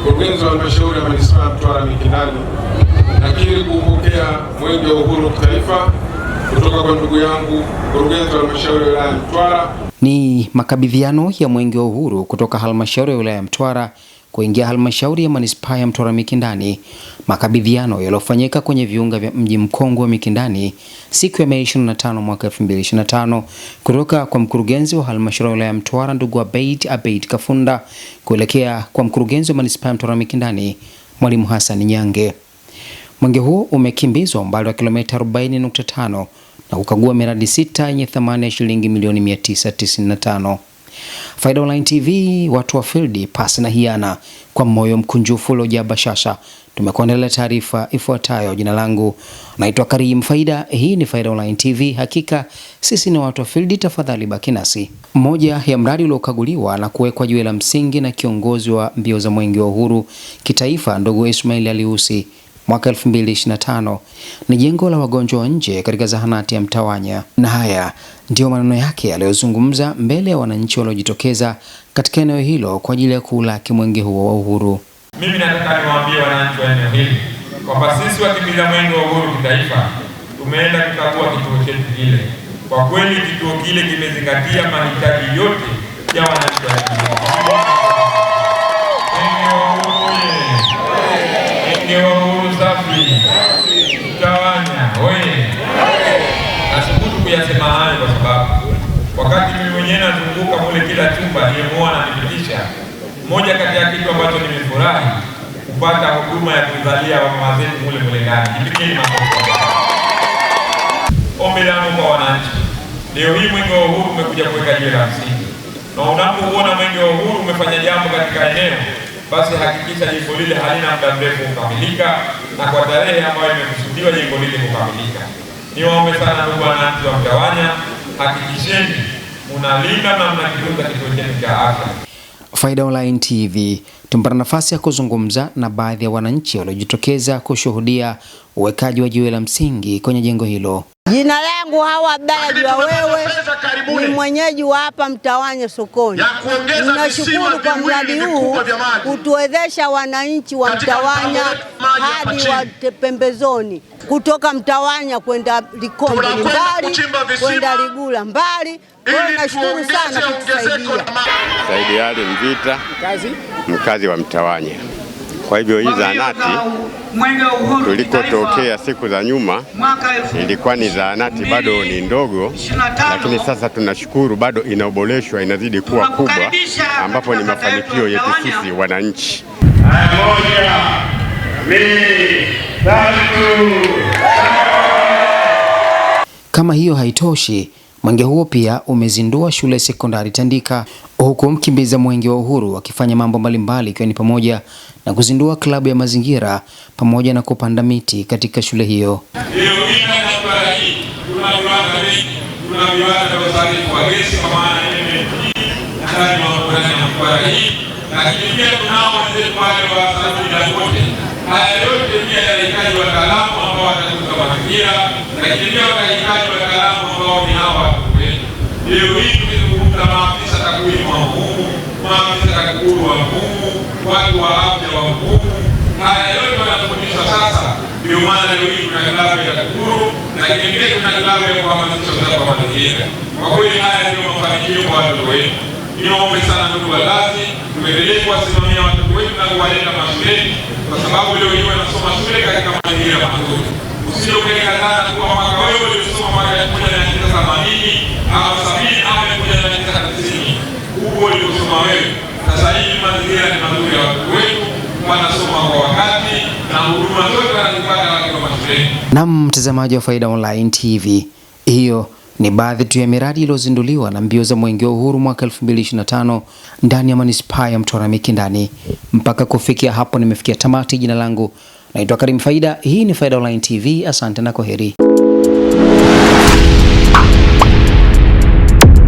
mkurugenzi wa halmashauri ya manispaa ya Mtwara Mikindani, nakiri kuupokea mwenge wa uhuru kitaifa kutoka kwa ndugu yangu mkurugenzi wa halmashauri ya wilaya ya Mtwara. Ni makabidhiano ya mwenge wa uhuru kutoka halmashauri ya wilaya ya Mtwara kuingia halmashauri ya manispaa ya Mtwara Mikindani, makabidhiano yaliyofanyika kwenye viunga vya mji mkongwe wa Mikindani siku ya Mei 25 mwaka 2025 kutoka kwa mkurugenzi wa halmashauri ya Mtwara ndugu Abeid Abeid Kafunda kuelekea kwa mkurugenzi wa manispaa ya Mtwara Mikindani Mwalimu Hassan Nyange. Mwenge huo umekimbizwa umbali wa kilomita 40.5 na kukagua miradi sita yenye thamani ya shilingi milioni 995. Faida Online TV, watu wa field, pasi na hiana, kwa moyo mkunjufu uliojaa bashasha, tumekuandalia taarifa ifuatayo. Jina langu naitwa Karim Faida. Hii ni Faida Online TV, hakika sisi ni watu wa field, tafadhali baki nasi. Moja ya mradi uliokaguliwa na kuwekwa jiwe la msingi na kiongozi wa mbio za Mwenge wa Uhuru kitaifa, ndugu Ismail Aliusi mwaka 2025 ni jengo la wagonjwa wa nje katika zahanati ya Mtawanya. Na haya ndiyo maneno yake aliyozungumza mbele ya wananchi waliojitokeza katika eneo hilo kwa ajili ya kuulaki mwenge huo wa uhuru. Mimi nataka niwaambie wananchi wa eneo hili kwamba sisi wakimbiza mwenge wa uhuru kitaifa tumeenda kukagua kituo chetu kile. Kwa kweli kituo kile kimezingatia mahitaji yote ya wananchi wa eneo safi. Mtawanya oye! Nashukuru kuyasema hayo kwa sababu wakati mimi mwenyewe nazunguka mule kila chumba nimemuona nikipitisha, moja kati ya kitu ambacho nimefurahi kupata huduma ya kuzalia wamama zetu mule mule ndani. Kipigeni makofi. Ombi langu kwa wananchi leo hii mwenge wa uhuru umekuja kuweka jiwe la msingi, na unapoona mwenge wa uhuru umefanya jambo katika eneo basi hakikisha jengo lile halina muda mrefu kukamilika, na kwa tarehe ambayo imekusudiwa jengo lile kukamilika. Niwaombe sana ndugu wananchi wa mgawanya hakikisheni munalinda na mnakitunza kituo chenu cha afya. Faida Online TV tumpata nafasi ya kuzungumza na baadhi ya wananchi waliojitokeza kushuhudia uwekaji wa jiwe la msingi kwenye jengo hilo. Jina langu Hawa Abdalla wewe ni mwenyeji wa hapa Mtawanya sokoni. Tunashukuru kwa mradi huu kutuwezesha wananchi wa Mtawanya hadi wa pembezoni, kutoka Mtawanya kwenda Likombe mbali, kwenda Ligula mbali. Kwayo nashukuru sana kutusaidia. Saidi Ali Mvita, mkazi wa Mtawanya. Kwa hivyo hii zahanati tulikotokea siku za nyuma ilikuwa ni zahanati bado ni ndogo, lakini sasa tunashukuru bado inaoboleshwa inazidi kuwa kubwa, ambapo ni mafanikio yetu sisi wananchi. Moja, mbili, tatu. Kama hiyo haitoshi Mwenge huo pia umezindua shule ya sekondari Tandika, huku mkimbiza mwenge wa uhuru wakifanya mambo mbalimbali ikiwa ni pamoja na kuzindua klabu ya mazingira pamoja na kupanda miti katika shule hiyo. Haya Leo hii tukizungumza maafisa takwimu wa Mungu, maafisa TAKUKURU wa Mungu, watu wa afya wa Mungu, haya yote wanafundishwa sasa. Ndio maana leo hii tuna klabu ya TAKUKURU, lakini pia tuna klabu ya kuhamasisha usafi wa mazingira. Kwa kweli haya ndio mafanikio kwa watoto wetu. Niombe sana ndugu wazazi, tuendelee kuwasimamia watoto wetu na kuwaleta mashuleni, kwa sababu leo hii wanasoma shule katika mazingira mazuri. Usije ukaikataa kama wewe. Sasa hivi mazingira ni mazuri ya wetu, wanasoma kwa wakati na huduma zote wanazipata wakiwa mashuleni. Naam, mtazamaji wa Faida Online TV, hiyo ni baadhi tu ya miradi iliyozinduliwa na mbio za Mwenge wa Uhuru mwaka 2025 ndani ya manispaa ya Mtwara Mikindani. Mpaka kufikia hapo nimefikia tamati. Jina langu naitwa Karim Faida. Hii ni Faida Online TV. Asante na kwaheri.